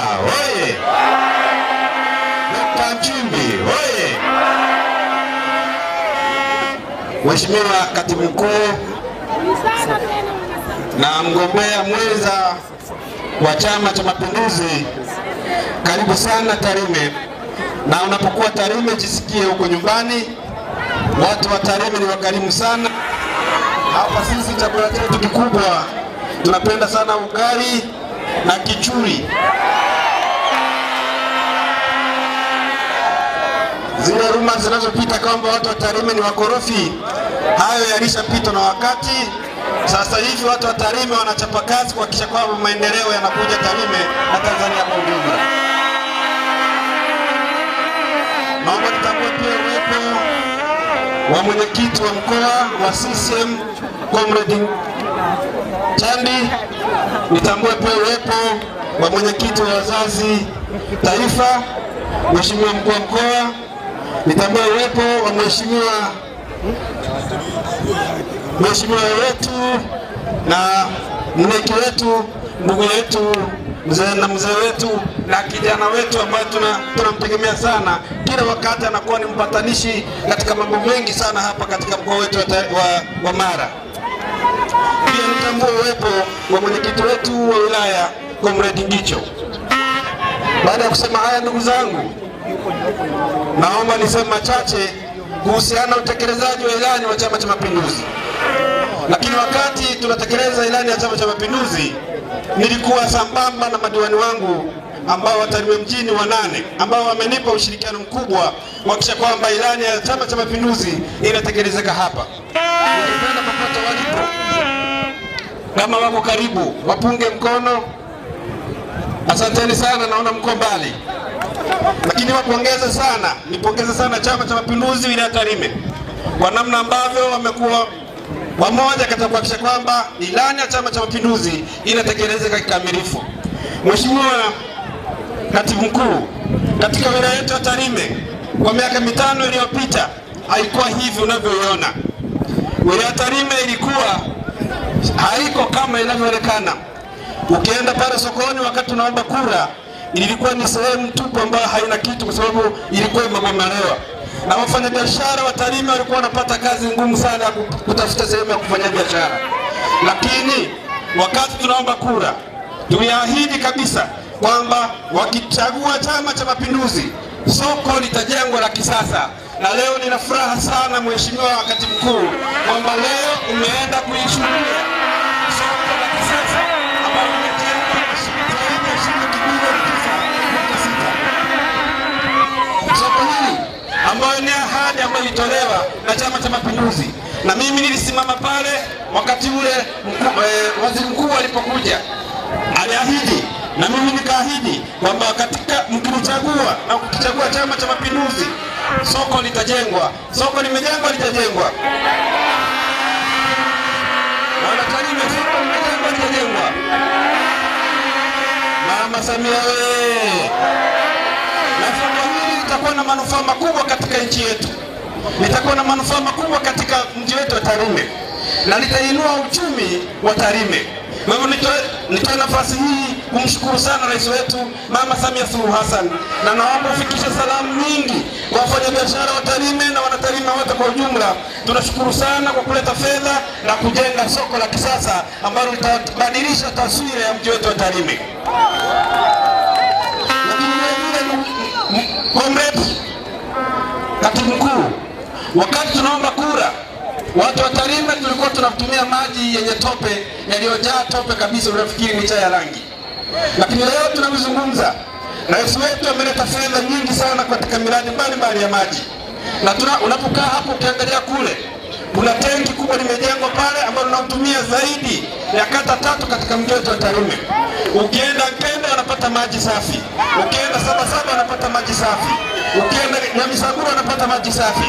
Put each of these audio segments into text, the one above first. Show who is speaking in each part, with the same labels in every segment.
Speaker 1: Mbeya oye! Dkt. Nchimbi oye! Mheshimiwa Katibu Mkuu na mgombea mwenza wa Chama cha Mapinduzi, karibu sana Tarime, na unapokuwa Tarime jisikie huko nyumbani. Watu wa Tarime ni wakarimu sana. Hapa sisi chakula chetu kikubwa tunapenda sana ugali na kichuri. Zile ruma zinazopita kwamba watu wa Tarime ni wakorofi, hayo pito na wakati. Sasa hivi watu wa Tarime wanachapa kazi kuhakikisha kwamba maendeleo yanakuja Tarime na Tanzania kwa ujumla. Naomba tutambue pia uwepo wa mwenyekiti wa mkoa wa CCM Comrade Chandi, nitambue pia uwepo wa mwenyekiti wa wazazi taifa, Mheshimiwa mkuu wa mkoa nitambua uwepo wa mheshimiwa hmm? mheshimiwa wetu na mneki wetu ndugu yetu mzee na mzee wetu na kijana wetu ambaye tunamtegemea tuna sana, kila wakati anakuwa ni mpatanishi katika mambo mengi sana hapa katika mkoa wetu wa, wa Mara. Pia nitambua uwepo wa mwenyekiti wetu wa wilaya Comrade Ngicho. Baada ya kusema haya, ndugu zangu, naomba niseme machache kuhusiana utekelezaji wa ilani wa Chama cha Mapinduzi. Lakini wakati tunatekeleza ilani ya Chama cha Mapinduzi, nilikuwa sambamba na madiwani wangu ambao wataliwe mjini wanane ambao wamenipa ushirikiano mkubwa kuhakikisha kwamba ilani ya Chama cha Mapinduzi inatekelezeka hapa. walipo, kama wako karibu, wapunge mkono. Asanteni sana, naona mko mbali. Lakini wapongeze sana, nipongeze sana Chama cha Mapinduzi wilaya Tarime kwa namna ambavyo wamekuwa wamoja katika kuhakikisha kwamba ilani ya Chama cha Mapinduzi inatekelezeka kikamilifu. Mheshimiwa Katibu Mkuu, katika wilaya yetu ya Tarime kwa miaka mitano iliyopita haikuwa hivi unavyoiona. Wilaya Tarime ilikuwa haiko kama inavyoonekana. Ukienda pale sokoni wakati unaomba kura ilikuwa ni sehemu tupu ambayo haina kitu, kwa sababu ilikuwa imebomolewa na wafanyabiashara Tarime walikuwa wanapata kazi ngumu sana ya kutafuta sehemu ya kufanya biashara. Lakini wakati tunaomba kura, tuliahidi kabisa kwamba wakichagua Chama cha Mapinduzi, soko litajengwa la kisasa na leo nina furaha sana Mheshimiwa wakati Mkuu kwamba leo umeenda kuishuhudia ambayo ni ahadi ambayo ilitolewa na Chama cha Mapinduzi, na mimi nilisimama pale wakati ule e, waziri mkuu alipokuja aliahidi na mimi nikaahidi kwamba katika mkinichagua na kukichagua Chama cha Mapinduzi, soko litajengwa. Soko limejengwa, litajengwa Mama Samia wewe litakuwa na manufaa makubwa katika nchi yetu, litakuwa na manufaa makubwa katika mji wetu wa Tarime na litainua uchumi wa Tarime. Kwa hivyo nitoe nafasi hii kumshukuru sana rais wetu Mama Samia Suluhu Hassan, na naomba ufikishe salamu nyingi kwa wafanyabiashara wa Tarime na wanatarime wote kwa ujumla. Tunashukuru sana kwa kuleta fedha na kujenga soko la kisasa ambalo litabadilisha taswira ya mji wetu wa Tarime comrades, katibu mkuu, wakati tunaomba kura, watu wa Tarime tulikuwa tunatumia maji yenye tope yaliyojaa tope kabisa, unafikiri ni chai ya rangi. Lakini leo tunavyozungumza, rais wetu ameleta fedha nyingi sana katika miradi mbalimbali ya maji, na unapokaa hapo ukiangalia kule kuna tenki kubwa limejengwa pale ambalo tunatumia zaidi ya kata tatu katika mji wetu wa Tarime. Ukienda anapata maji safi, ukienda saba anapata maji safi, ukienda Nyamisaguru anapata maji safi.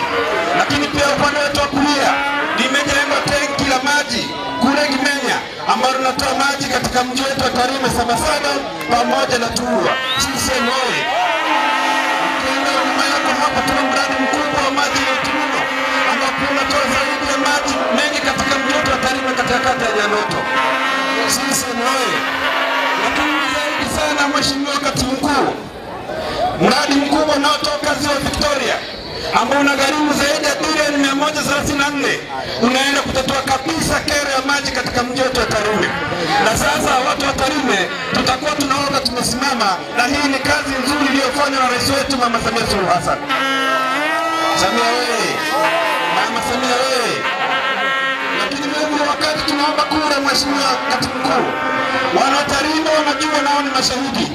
Speaker 1: Lakini pia upande wetu wa kulia limejengwa tenki la maji kule Kimenya ambalo linatoa maji katika mji wetu wa Tarime, saba pamoja na Tuwa. Sisi enyewe tuna mradi mkubwa wa maji ya ambapo unatoa zaidi ya maji mengi katika mji wetu wa Tarime katika kata ya Nyanoto. Sisi Asante sana Mheshimiwa Katibu Mkuu, mradi mkubwa unaotoka Ziwa Victoria ambao una unagharimu zaidi ya bilioni 134 unaenda kutatua kabisa kero ya maji katika mji wetu wa Tarime. Na sasa watu wa Tarime tutakuwa tunaona tumesimama, na hii ni kazi nzuri iliyofanywa na rais wetu Mama Samia Suluhu Hassan. Samia wewe, Mama Samia wewe, lakini wakati tunaomba Mheshimiwa Katibu Mkuu, wanatarima wanajua, nao ni mashahidi.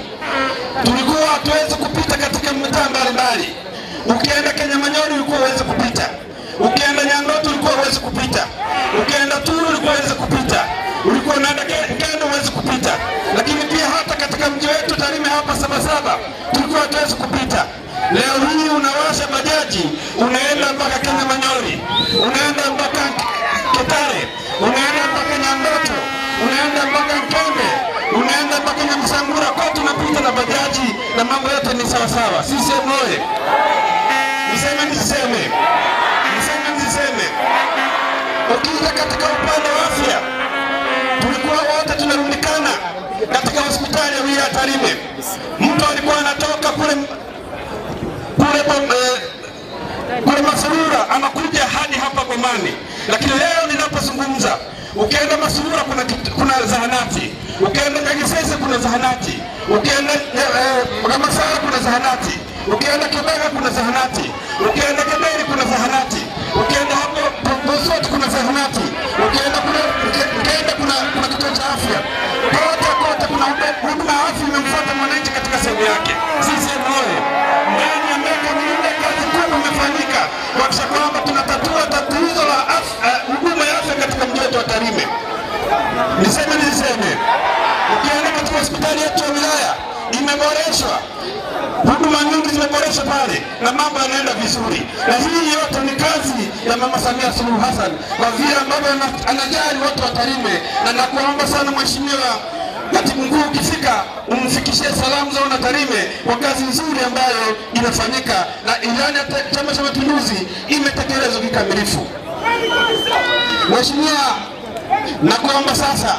Speaker 1: Tulikuwa hatuwezi kupita katika mitaa mbalimbali. Ukienda Kenyamanyoni ulikuwa uwezi kupita, ukienda Nyangoto ulikuwa uwezi kupita, ukienda Turu ulikuwa uwezi kupita, ulikuwa unaenda Kendo uwezi kupita. Lakini pia hata katika mji wetu Tarime hapa Sabasaba tulikuwa hatuwezi kupita. Leo hii unawasha bajaji unaenda mpaka Kenyamanyoni, unaenda mpaka Kitale unaenda mpaka Nyandoto, unaenda mpaka Nkembe, unaenda mpaka Nyamusangura, kote unapita na bajaji na mambo yote ni sawa sawa. Sisemu oye! Niseme niseme niseme niseme, Ukija katika upande wa afya, tulikuwa wote tunarundikana katika hospitali ya wilaya Tarime. Mtu alikuwa anatoka kule kule eh, kule Masurura anakuja hadi hapa Bomani, lakini leo ninapozungumza ukienda Masurura kuna, kuna zahanati, ukienda Nyagisese kuna zahanati, ukienda Mgamasara eh, eh, kuna zahanati, ukienda Kibega kuna zahanati, ukienda Geberi kuna zahanati, ukienda hapo Bosot kuna zahanati, ukienda kuna, ukienda kuna, kuna kituo cha afya tunatosha pale na mambo yanaenda vizuri, na hii yote ni kazi ya Mama Samia Suluhu Hassan kwa vile ambavyo anajali watu wa Tarime, na nakuomba sana mheshimiwa katibu mkuu ukifika umfikishie salamu za wana Tarime kwa kazi nzuri ambayo inafanyika na ilani ya Chama cha Mapinduzi imetekelezwa kikamilifu. Mheshimiwa, nakuomba sasa,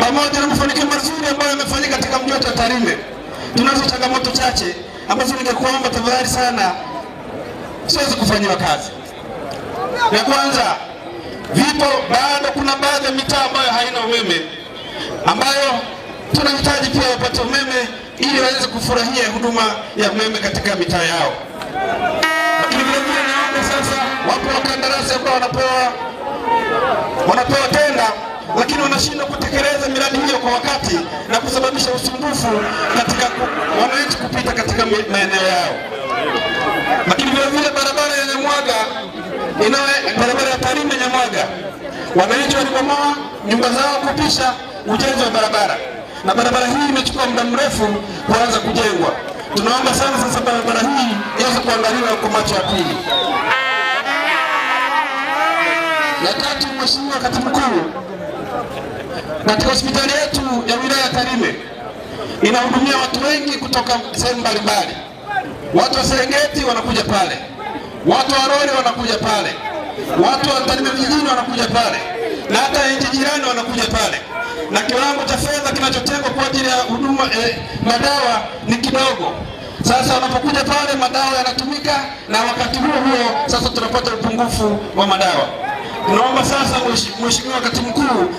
Speaker 1: pamoja na mafanikio mazuri ambayo yamefanyika katika mji wetu wa Tarime, tunazo changamoto chache ambazo ningekuomba tafadhali sana siwezi kufanyiwa kazi. Ya kwanza, vipo bado, kuna baadhi ya mitaa ambayo haina umeme, ambayo tunahitaji pia wapate umeme ili waweze kufurahia huduma ya umeme katika mitaa yao. Lakini vile naomba sasa, wapo wakandarasi ambao wanapewa wanapewa tenda lakini wanashindwa kutekeleza miradi hiyo kwa wakati na kusababisha usumbufu katika wananchi kupita katika maeneo yao. Lakini vile barabara ya Nyamwaga barabara ya Tarime Nyamwaga, wananchi walibomoa nyumba zao kupisha ujenzi wa barabara, na barabara hii imechukua muda mrefu kuanza kujengwa. Tunaomba sana sasa barabara hii iweze kuangaliwa kwa macho ya pili. Ya tatu, Mheshimiwa Katibu Mkuu katika hospitali yetu ya wilaya ya Tarime inahudumia watu wengi kutoka sehemu mbalimbali. Watu wa Serengeti wanakuja pale, watu wa Rori wanakuja pale, watu wa Tarime vijijini wanakuja pale, na hata nchi jirani wanakuja pale, na kiwango cha fedha kinachotengwa kwa ajili ya huduma eh, madawa ni kidogo. Sasa wanapokuja pale, madawa yanatumika, na wakati huo huo sasa tunapata upungufu wa madawa naomba sasa Mheshimiwa Katibu Mkuu,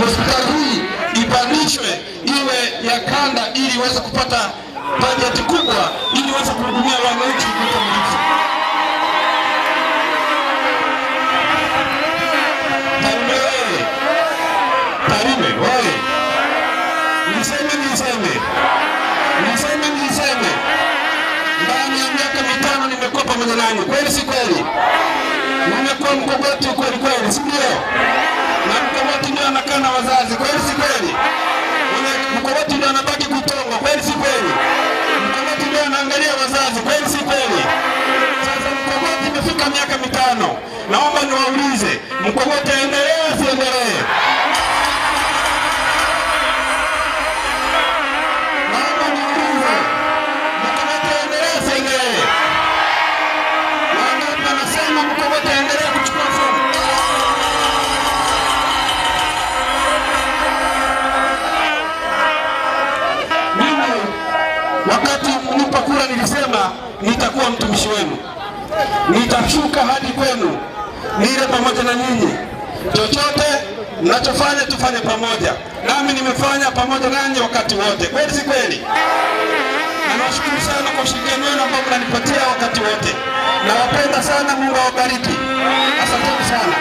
Speaker 1: hospitali hii ipandishwe iwe ya kanda ili iweze kupata bajeti kubwa ili iweze kuhudumia wananchi kikamilifu. Niseme niseme niseme niseme, ndani ya miaka mitano nimekuwa pamoja nanyi, kweli si kweli? nimekuwa mkogoti kweli kweli, si ndio? Na mkogoti ndio anakaa na wazazi, kweli si kweli? Mkogoti ndio anabaki kutongwa kweli si kweli? Mkogoti ndio anaangalia wazazi, kweli si kweli? Sasa mkogoti imefika miaka mitano, naomba niwaulize, mkogoti aendelee asiendelee? kushuka hadi kwenu, nile pamoja na nyinyi. Chochote mnachofanya tufanye pamoja, nami nimefanya pamoja nanyi wakati wote. Kweli si kweli? Nawashukuru sana kwa ushirikiano wenu ambao mnanipatia wakati wote. Nawapenda sana, Mungu awabariki. Asanteni sana.